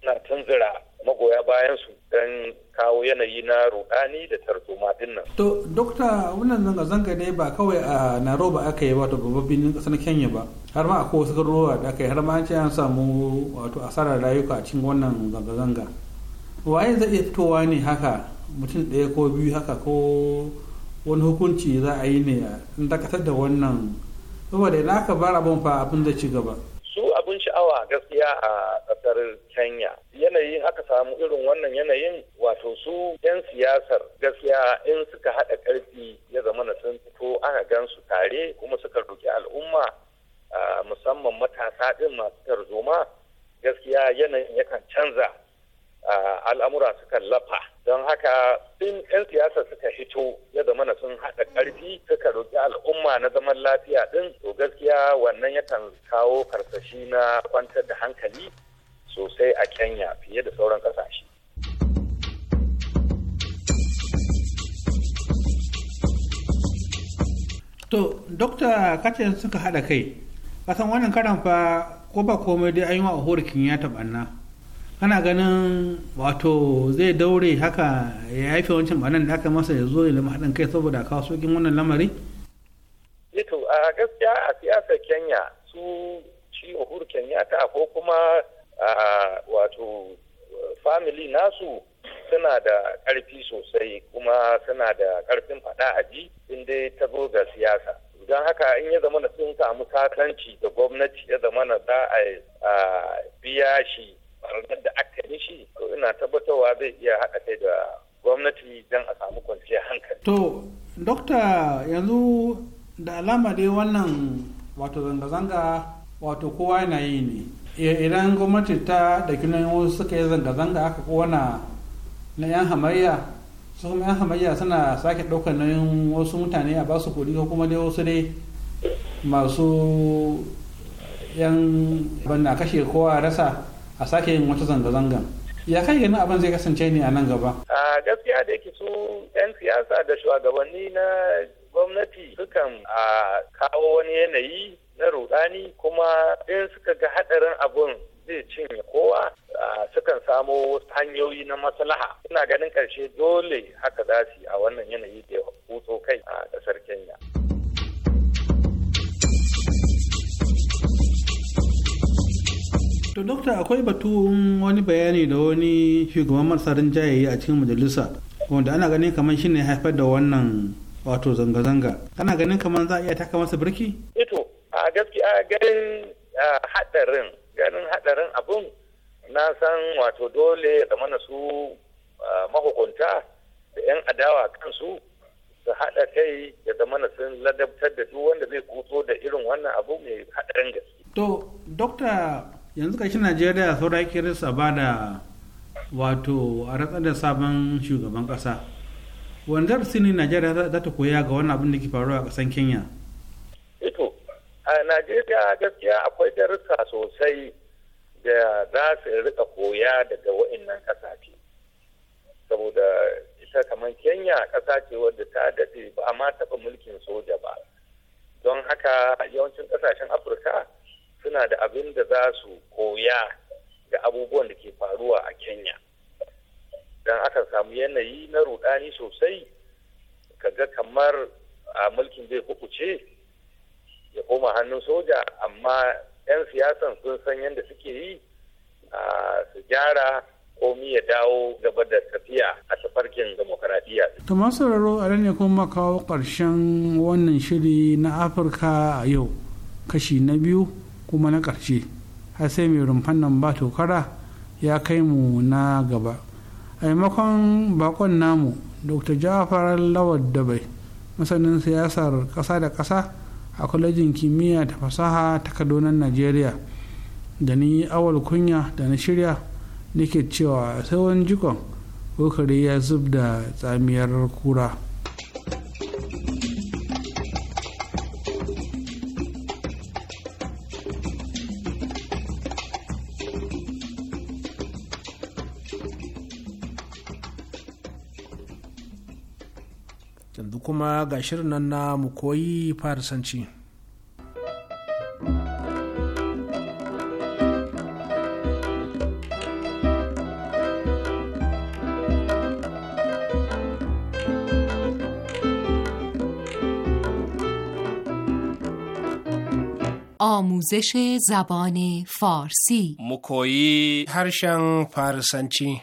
na tunzura magoya bayan su don kawo yanayi na rudani da tarzoma din nan. To, Dokta, wannan zanga-zanga ne ba kawai a Naroba aka yi wato babban birnin ƙasar Kenya ba. har ma akwai wasu garuruwa da aka har ma an ce an samu wato asarar rayuka a cikin wannan zanga-zanga waye zai iya fitowa ne haka mutum ɗaya ko biyu haka ko wani hukunci za a yi ne in dakatar da wannan saboda idan aka bar ban fa abin zai ci gaba su abin sha'awa gaskiya a ƙasar kenya yanayin aka samu irin wannan yanayin wato su 'yan siyasar gaskiya in suka haɗa ƙarfi ya zama na sun fito aka gan su tare kuma suka roƙi al'umma musamman matasa ɗin masu tarzoma gaskiya yanayin yakan canza al'amura sukan lafa don haka in 'yan siyasa suka hito ya zama na sun haɗa ƙarfi suka roƙi al'umma na zaman lafiya ɗin to gaskiya wannan yakan kawo karsashi na kwantar da hankali sosai a kenya fiye da sauran ƙasashe to dokta kace suka haɗa kai kasan wannan karan fa ko ba komai dai an yi wa horikin ya tabanna ana ganin wato zai daure haka ya haife wancan banan da aka masa ya zo ya haɗin kai saboda kawo sokin wannan lamari? Ito eh a gaskiya a siyasar Kenya su shi Uhuru Kenyatta ko kuma wato family nasu suna da ƙarfi sosai kuma suna da ƙarfin faɗa a ji in dai ta zo ga siyasa. haka in ya zama na sun samu satanci da gwamnati ya zama na za a biya shi barnar da aka shi to ina tabbatarwa zai iya haɗa kai da gwamnati don a samu kwanciyar hankali. To, Dokta yanzu da alama dai wannan wato zanga-zanga wato kowa yana yi ne. Eh, idan gwamnati ta da wasu suka yi zanga-zanga aka kowana na 'yan hamayya su kuma 'yan hamayya suna sake ɗaukar nauyin wasu mutane a basu kuɗi ko kuma dai wasu dai masu yan a kashe kowa rasa a sake yin wata zanga-zangan ya kai gani abin zai kasance ne a nan gaba a gaskiya da yake su 'yan siyasa da shugabanni na gwamnati sukan a kawo wani yanayi na rudani kuma in suka ga hadarin abun zai cinye kowa sukan samo hanyoyi na maslaha ina ganin karshe dole haka za su a wannan yanayi da ya kai a kasar kenya to dokta akwai batun wani bayani da wani shugaban masarin jayayi a cikin majalisa wanda ana ganin kamar shi ne haifar da wannan wato zanga-zanga ana ganin kamar za a iya taka masa birki? ito eh a gaskiya ganin haɗarin ganin haɗarin abun na san wato dole ya zama su mahukunta da 'yan adawa kansu su haɗa kai ya zama sun ladabtar da duk wanda zai kuso da irin wannan abu mai haɗarin gaske. to dokta yanzu kashin najeriya saura kirista ba da wato a ratsar da sabon shugaban kasa wanda ne najeriya za ta koya ga wani abin da ke faruwa a kasan kenya ito eh a najeriya gaskiya akwai darussa sosai da za su rika koya daga wa'annan kasashe saboda ita kamar kenya ƙasa ce wadda ta daɗe ba a ma taɓa mulkin soja ba don haka yawancin ƙasashen afirka suna da abin da za su koya da abubuwan da ke faruwa a kenya don aka samu yanayi na rudani sosai kaga kamar a mulkin zai kukuce ya koma hannun soja amma 'yan siyasan sun san yadda suke yi su gyara komi ya dawo gaba da tafiya a tafarkin demokaradiyya. ta masu sauraro a ne kuma kawo ƙarshen wannan shiri na afirka a yau kashi na biyu kuma na ƙarshe har sai mai rumfan nan ba tokara ya kai mu na gaba a maimakon bakon namu dr jafar lawal dabai masanin siyasar ƙasa da ƙasa a kwalejin kimiyya ta fasaha ta kaduna najeriya da ni awal kunya da na shirya nake cewa sai wani jikon ya zub da tsamiyar kura. kuma ga shirin nan na mu koyi farisanci. آموزش زبان فارسی مکویی هرشن فارسنچی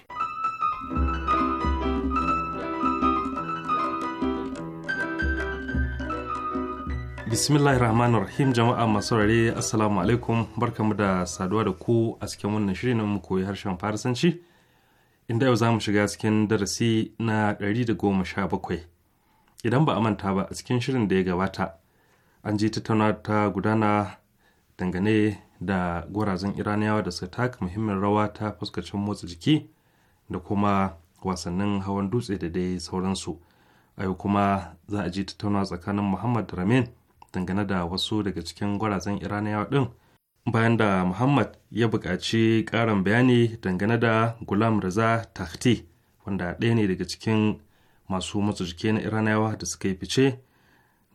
bismillahirrahmanirrahim rahim jama'a masu rare assalamu alaikum barkamu da saduwa da ku a cikin wannan shiri na mu koyi harshen farisanci inda yau za mu shiga cikin darasi na ɗari da goma sha bakwai idan ba a manta ba a cikin shirin da ya gabata an ji tattauna ta gudana dangane da gwarazan iraniyawa da suka taka muhimmin rawa ta fuskacin motsa jiki da kuma wasannin hawan dutse da dai sauransu a yau kuma za a ji tattauna tsakanin muhammad ramin dangane da wasu daga cikin gwarazan iraniyawa din bayan da muhammad ya buƙaci ƙarin bayani dangane da gulam raza tahti wanda ɗaya ne daga cikin masu matsa jike na iraniyawa da suka yi fice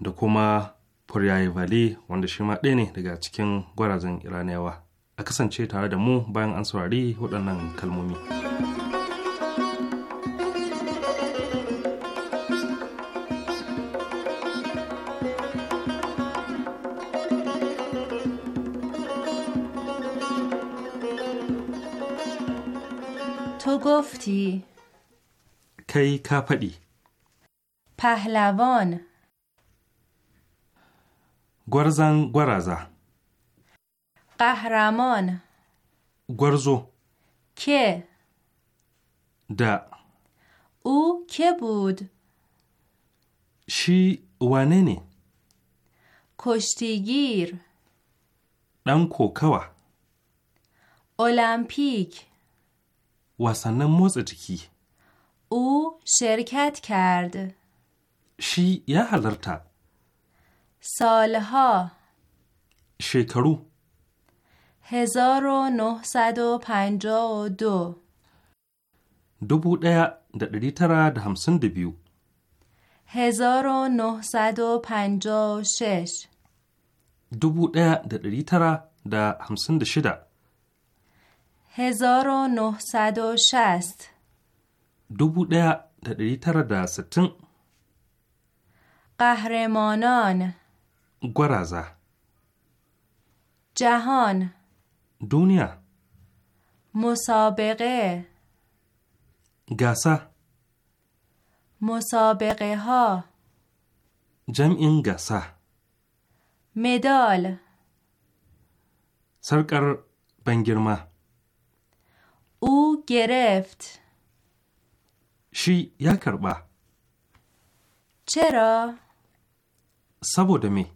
da kuma furyaye vali wanda shi ma ɗaya ne daga cikin gwarazan iraniyawa a kasance tare da mu bayan an saurari waɗannan kalmomi. گفتی؟ کی کپدی پهلوان گرزن گرزه قهرمان گرزو که دا او که بود شی وننی کشتیگیر دن کوکوا المپیک wasannin motsa jiki. U shirkat kard. Shi ya halarta. Salha. Shekaru. Hezaro no Dubu ɗaya da ɗari tara da hamsin da biyu. Hezaro no Dubu ɗaya da ɗari tara da hamsin da shida. 1960 dubu ɗaya قهرمانان گرازه جهان دنیا مسابقه گسه مسابقه ها جمع گسه مدال سرکر بنگرمه او گرفت شی یا کربا چرا؟ سبود می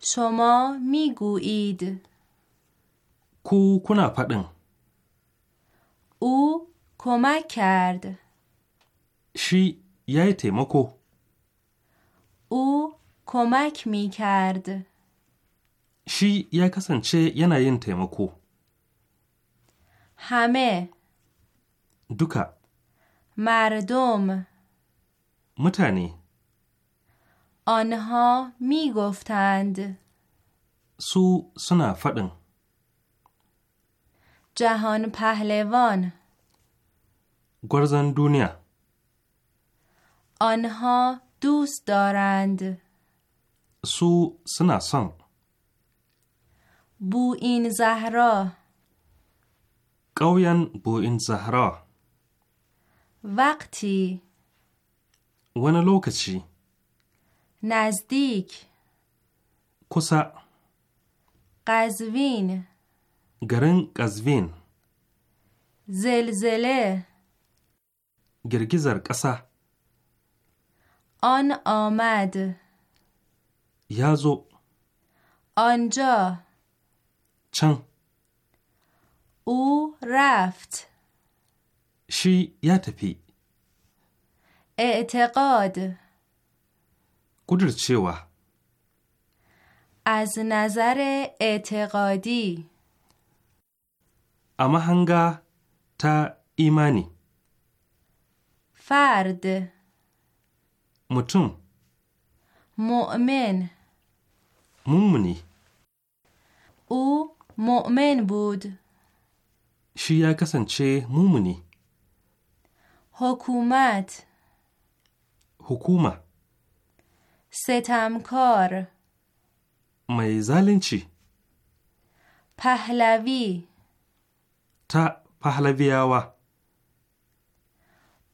شما می میگویید کو کنا پدن او کمک کرد شی یای تیمکو او کمک می کرد شی یا کسان چه یا نایین تیمکو همه دوکا مردم متنی آنها می گفتند سو سنا فدن جهان پهلوان گرزن دنیا آنها دوست دارند سو سنا سن بو این زهرا قویان بو این زهرا وقتی ون لوکچی نزدیک کسا قزوین گرن قزوین زلزله گرگیزر قسا آن آمد یازو آنجا چند او رفت شی یا اعتقاد اعتقاد چیوه از نظر اعتقادی اما هنگا تا ایمانی فرد متون مؤمن مؤمنی او مؤمن بود shi ya kasance ne. Hukumat Hukuma Setamkar Mai zalunci Pahlavi Ta pahlaviyawa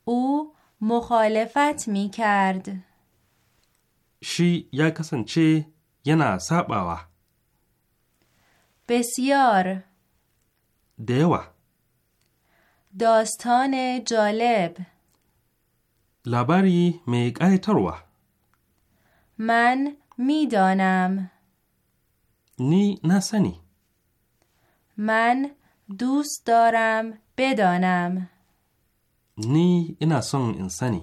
U mukhalafat mi Shi ya kasance yana saɓawa. Besiyor. Da yawa. داستان جالب لبری میگه تروه من میدانم نی نسنی من دوست دارم بدانم نی اینا انسانی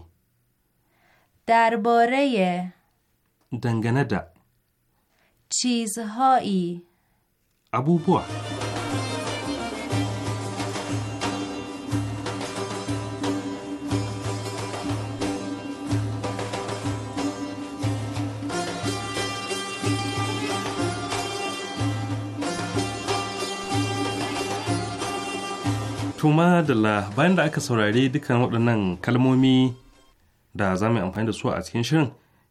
درباره دنگنده چیزهایی ابوبوه Tuma da la bayan da aka saurari dukkan waɗannan kalmomi da za mu amfani da su a cikin shirin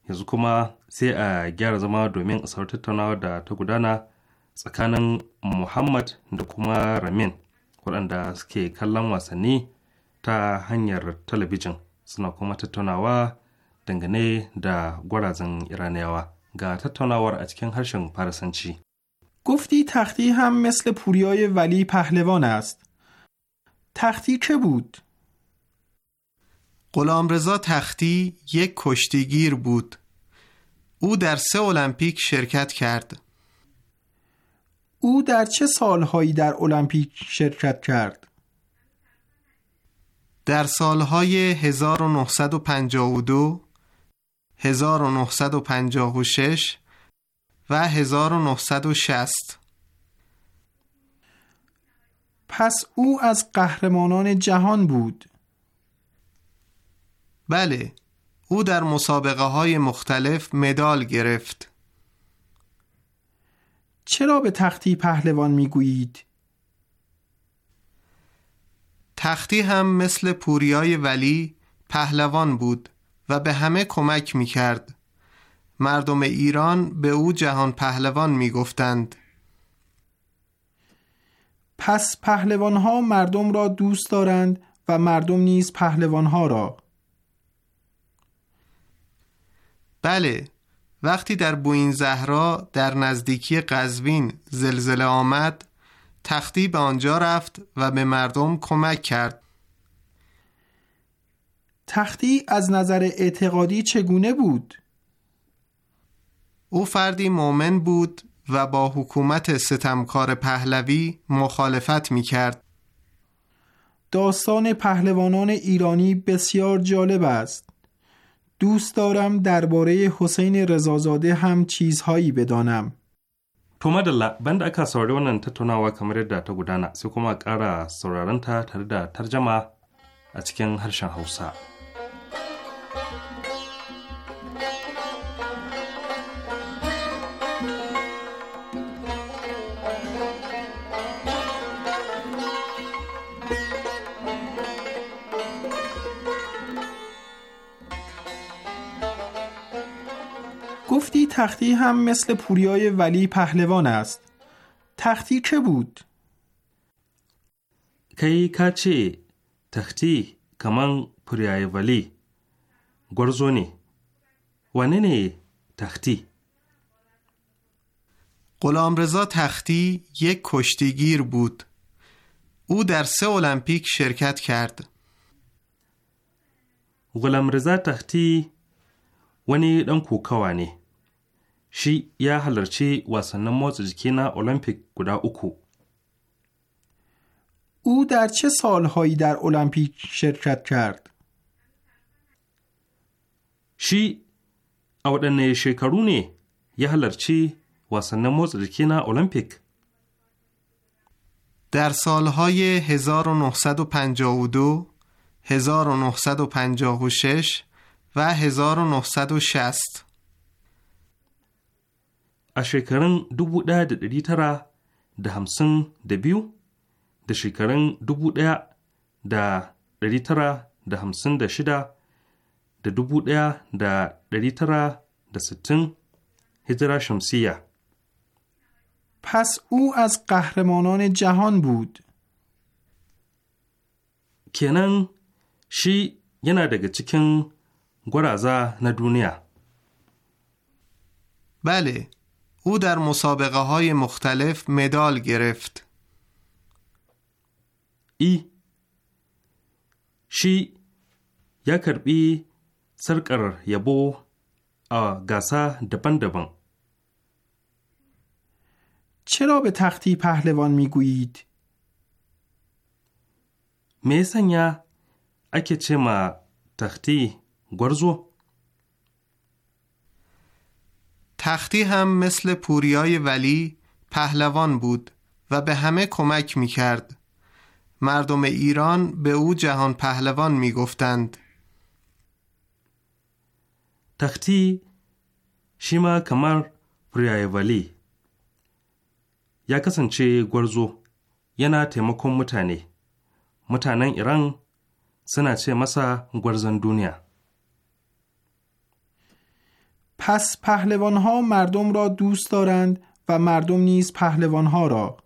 yanzu kuma sai a gyara zama domin a saurari tattaunawa da ta gudana tsakanin Muhammad da kuma Ramin waɗanda suke kallon wasanni ta hanyar talabijin suna kuma tattaunawa dangane da gwarazan Iraniyawa ga tattaunawar a cikin harshen farasanci. gufti tahti ham مثل پوریای ولی پهلوان است. تختی که بود؟ غلامرضا تختی یک کشتیگیر بود. او در سه المپیک شرکت کرد. او در چه سالهایی در المپیک شرکت کرد؟ در سالهای 1952 1956 و 1960 پس او از قهرمانان جهان بود بله او در مسابقه های مختلف مدال گرفت چرا به تختی پهلوان میگویید؟ تختی هم مثل پوریای ولی پهلوان بود و به همه کمک می کرد. مردم ایران به او جهان پهلوان می گفتند. پس پهلوانها مردم را دوست دارند و مردم نیز پهلوانها را بله وقتی در بوین زهرا در نزدیکی قزوین زلزله آمد تختی به آنجا رفت و به مردم کمک کرد تختی از نظر اعتقادی چگونه بود؟ او فردی مؤمن بود و با حکومت ستمکار پهلوی مخالفت می کرد. داستان پهلوانان ایرانی بسیار جالب است. دوست دارم درباره حسین رضازاده هم چیزهایی بدانم. To madalla banda aka saurari wannan tattaunawa kamar yadda ta gudana sai kuma ƙara sauraronta tare cikin تختی هم مثل پوریای ولی پهلوان است تختی که بود؟ کی کچه تختی کمان پوریای ولی گرزونی ونی تختی قلام تختی یک کشتیگیر بود او در سه المپیک شرکت کرد غلام رزا تختی ونی دن شی یا halarci wasannin motsa jiki na المپیک guda اوکو او در چه سالهایی در المپیک شرکت کرد؟ شی او دنه شکرونه یا هلرچی واسنن موز جکی المپیک در سالهای 1952 1956 و 1960 a shekarun 1952 da shekarun 1956 da 1960 هجرا شمسیه پس او از قهرمانان جهان بود کنن شی یه دگه چکن گرازه ندونیه بله او در مسابقه های مختلف مدال گرفت ای شی یا کربی سرکر یبو گاسا دبن دبن چرا به تختی پهلوان میگویید؟ میسن یا اکه چه ما تختی گرزو؟ تختی هم مثل پوریای ولی پهلوان بود و به همه کمک می کرد. مردم ایران به او جهان پهلوان می گفتند. تختی شیما کمر پوریای ولی یا کسانچه گرزو ینا تیمکون متانی متانن ایران سنا چه مسا گرزن دونیه پس پهلوانها مردم را دوست دارند و مردم نیز پهلوانها را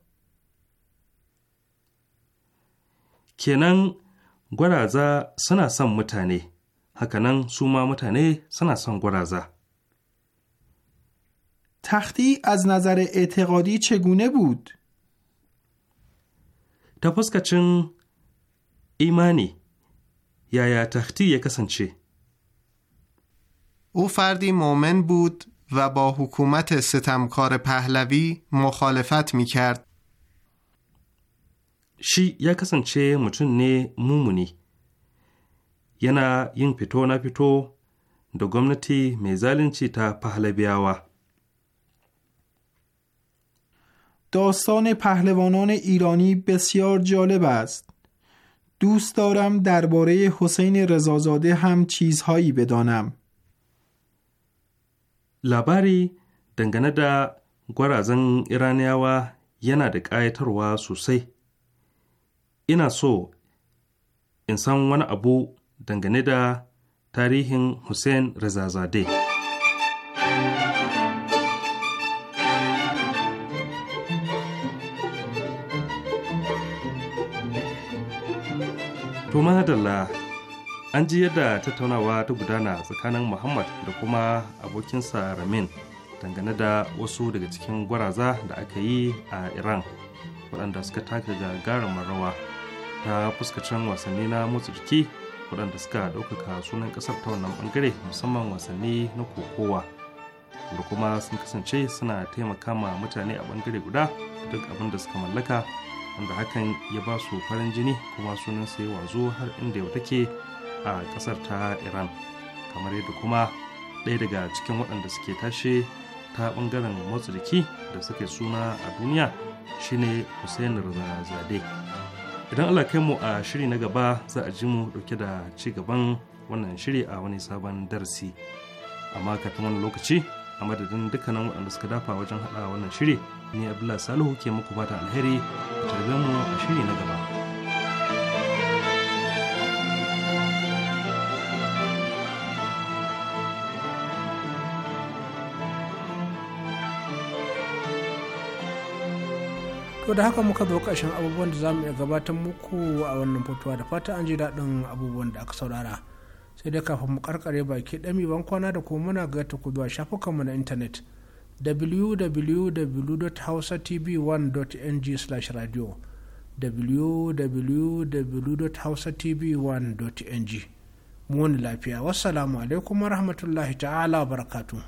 کنن گرازا سنا سم متانه هکنن سوما متانه سنا سن تختی از نظر اعتقادی چگونه بود؟ تا ایمانی یا تختی یکسن کسنچه او فردی مؤمن بود و با حکومت ستمکار پهلوی مخالفت می کرد. شی یا چه مچون نه مومونی ینا ین پیتو نا پیتو گمنتی میزالین چی تا پهلوی آوا. داستان پهلوانان ایرانی بسیار جالب است. دوست دارم درباره حسین رضازاده هم چیزهایی بدانم. labari dangane da gwarazan Iraniyawa yana da ƙayatarwa sosai. Ina so in san wani abu dangane da tarihin Hussein Rezazadeh. To madalla an ji yadda tattaunawa ta gudana tsakanin muhammad da kuma abokinsa ramin dangane da wasu daga cikin gwaraza da aka yi a iran waɗanda suka taka gagarumin rawa ta fuskacin wasanni na motsa jiki waɗanda suka ɗaukaka sunan ƙasar ta wannan ɓangare musamman wasanni na kokowa da kuma sun kasance suna taimaka ma mutane a ɓangare guda duk abin da suka mallaka wanda hakan ya ba su farin jini kuma sunan sai wazo har inda yau take a ƙasar ta iran kamar yadda kuma ɗaya daga cikin waɗanda suke tashe ta ɓangaren motsa jiki da suke suna a duniya shine hussein razade idan allah kai mu a shiri na gaba za a ji mu ɗauke da ci gaban wannan shiri a wani sabon darasi amma kafin wani lokaci a madadin dukkanin waɗanda suka dafa wajen haɗa wannan shiri ni abdullahi salihu ke muku fatan alheri a mu a shiri na gaba. to da haka muka zo ƙarshen abubuwan da za iya gabatar muku a wannan fotowa da fata an ji daɗin abubuwan da aka saurara sai dai kafin mu karkare baki ɗami ban kwana da kuma muna ga ta ku zuwa shafukanmu na intanet www.hausatv1.ng/radio www.hausatv1.ng mu wani lafiya wassalamu alaikum warahmatullahi ta'ala barakatu.